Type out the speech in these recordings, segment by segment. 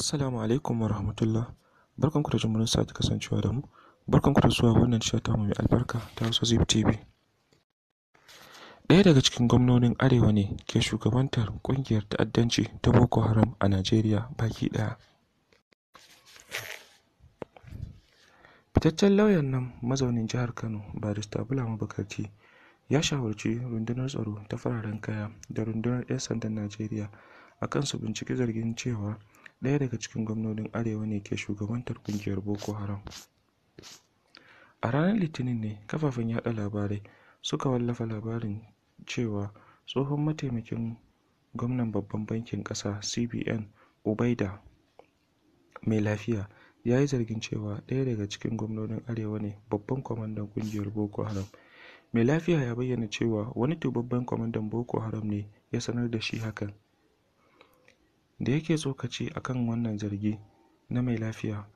Assalamu alaikum wa rahmatullah. Barkanku da jimurin sati kasancewa da mu. Barkanku da zuwa wannan shata mu mai albarka ta Hausa Zip TV. Ɗaya daga cikin gwamnonin Arewa ne ke shugabantar ƙungiyar ta'addanci ta Boko Haram a Najeriya baki ɗaya. Fitaccen lauyan nan mazaunin jihar Kano Barista Bulama Bukarti ya shawarci rundunar tsaro ta fararen kaya da rundunar 'yan sandan Najeriya akan su binciki zargin cewa ɗaya daga cikin gwamnonin arewa ne ke shugabantar ƙungiyar boko haram a ranar litinin ne kafafen yaɗa labarai suka wallafa labarin cewa tsohon mataimakin gwamnan babban bankin ƙasa cbn ubaida mai lafiya ya yi zargin cewa ɗaya daga cikin gwamnonin arewa ne babban kwamandan ƙungiyar boko haram mai lafiya ya bayyana cewa wani tubabben kwamandan boko haram ne ya sanar da shi hakan da yake tsokaci a kan wannan zargi na mai lafiya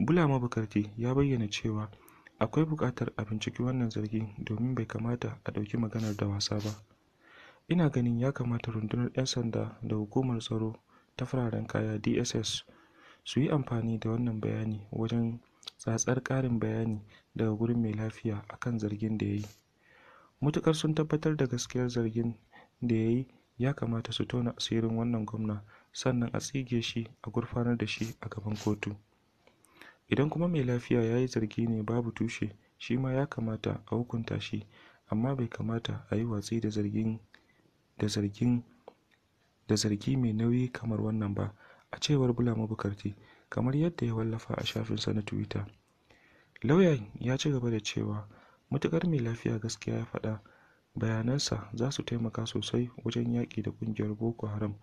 bula bukarti ya bayyana cewa akwai buƙatar a binciki wannan zargi domin bai kamata a ɗauki maganar da wasa ba ina ganin ya kamata rundunar 'yan sanda da hukumar tsaro ta fararen kaya dss su yi amfani da wannan bayani wajen tsatsar ƙarin bayani daga gurin mai lafiya akan zargin da ya yi matuƙar sun tabbatar da gaskiyar zargin da ya yi Ya kamata su tona asirin wannan gwamna sannan a tsige shi a gurfanar da shi a gaban kotu. Idan kuma mai lafiya ya yi zargi ne babu tushe, shi ma ya kamata a hukunta shi, amma bai kamata a yi watsi da zargi mai nauyi kamar wannan ba, a cewar Bula Mabukarti, kamar yadda ya wallafa a shafinsa na Twitter. Lauyan ya ci gaba da cewa, matukar mai lafiya gaskiya ya faɗa, Bayanansa za su taimaka sosai wajen yaƙi da ƙungiyar Boko Haram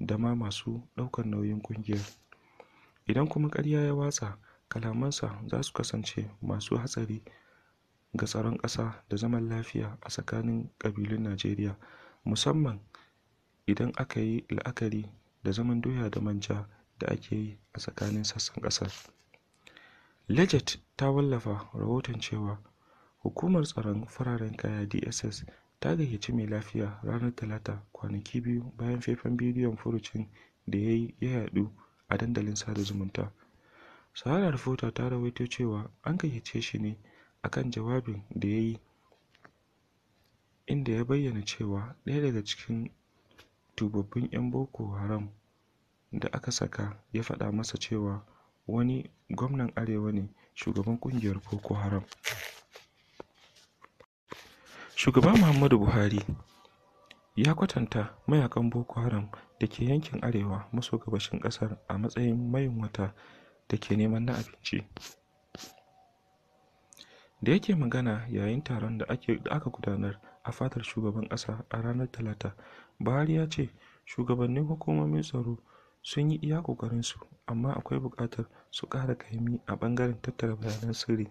da ma masu ɗaukar nauyin ƙungiyar. Idan kuma ƙarya ya watsa, kalamansa za su kasance masu hatsari ga tsaron ƙasa da zaman lafiya a tsakanin ƙabilun Najeriya, musamman idan aka yi la'akari da zaman doya da manja da ake yi a tsakanin sassan ƙasar. Legit ta wallafa rahoton cewa Hukumar Tsaron Fararen Kaya (DSS) ta gayyaci mai lafiya ranar talata kwanaki biyu bayan faifan bidiyon furucin da ya yi ya yaɗu a dandalin sada zumunta sahara reporter ta rawaito cewa an gayyace shi ne akan jawabin da ya yi inda ya bayyana cewa ɗaya daga cikin tubabbin 'yan boko haram da aka saka ya faɗa masa cewa wani gwamnan arewa ne shugaban ƙungiyar boko haram Shugaba Muhammadu Buhari ya kwatanta mayaƙan Boko Haram da ke yankin arewa maso gabashin ƙasar a matsayin wata da ke neman na abinci. Da yake magana yayin taron da aka gudanar a fatar shugaban ƙasa a ranar Talata, Buhari ya ce shugabannin hukumomin tsaro sun yi iya ƙoƙarinsu, amma akwai buƙatar su ƙara ƙaimi a ɓangaren tattara bayanan sirri.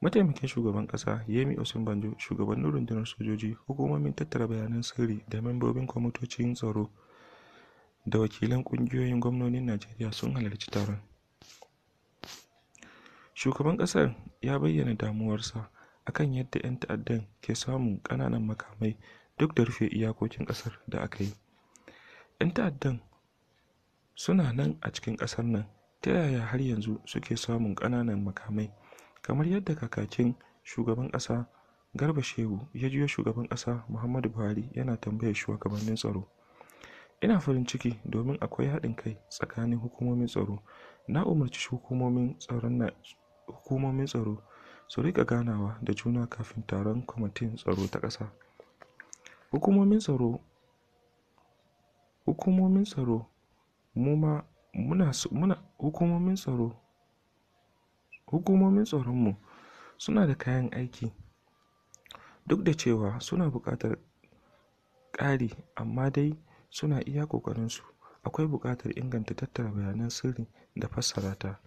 Mataimakin Shugaban Ƙasa Yemi Osibanjo, shugabannin rundunar sojoji, hukumomin tattara bayanan sirri da membobin kwamitocin tsaro da wakilan ƙungiyoyin gwamnonin Najeriya sun halarci taron. Shugaban ƙasar ya bayyana damuwarsa a kan yadda 'yan ta'addan ke samun ƙananan makamai duk da rufe iyakokin ƙasar da aka yi. 'Yan ta'addan suna nan a cikin ƙasar nan, ta yaya har yanzu suke samun ƙananan makamai? Kamar yadda kakakin Shugaban ƙasa Garba Shehu ya juya Shugaban ƙasa Muhammadu Buhari yana tambayar shugabannin tsaro, ina farin ciki domin akwai haɗin kai tsakanin hukumomin tsaro, na umarci hukumomin tsaro su riƙa ganawa da juna kafin taron kwamitin tsaro ta ƙasa. Hukumomin tsaro mu ma muna hukumomin tsaronmu suna da kayan aiki duk da cewa suna buƙatar ƙari amma dai suna iya ƙoƙarinsu akwai buƙatar inganta tattara bayanan sirri da fassara ta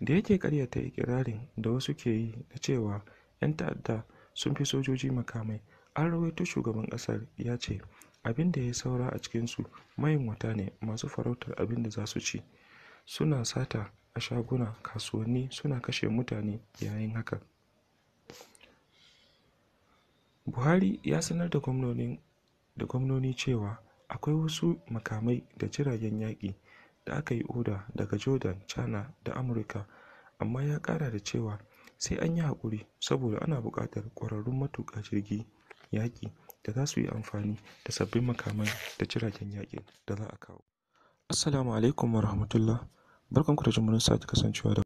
da yake ƙaryata ikirarin da wasu ke yi na cewa 'yan ta'adda sun fi sojoji makamai an rawaito shugaban ƙasar ya ce abin da ya saura a cikinsu mayunwata ne masu farautar abin da za su ci suna sata a shaguna, kasuwanni suna kashe mutane yayin haka. Buhari ya sanar da gwamnoni cewa akwai wasu makamai da jiragen yaƙi da aka yi oda daga Jordan, China da Amurka, amma ya ƙara da cewa sai an yi haƙuri saboda ana buƙatar ƙwararrun matuƙa jirgi yaƙi da za su yi amfani da sabbin makamai da jiragen yaƙin da za a kawo. Assalamu alaikum wa rahmatullah. Barkanku da jin mu da sake kasancewa da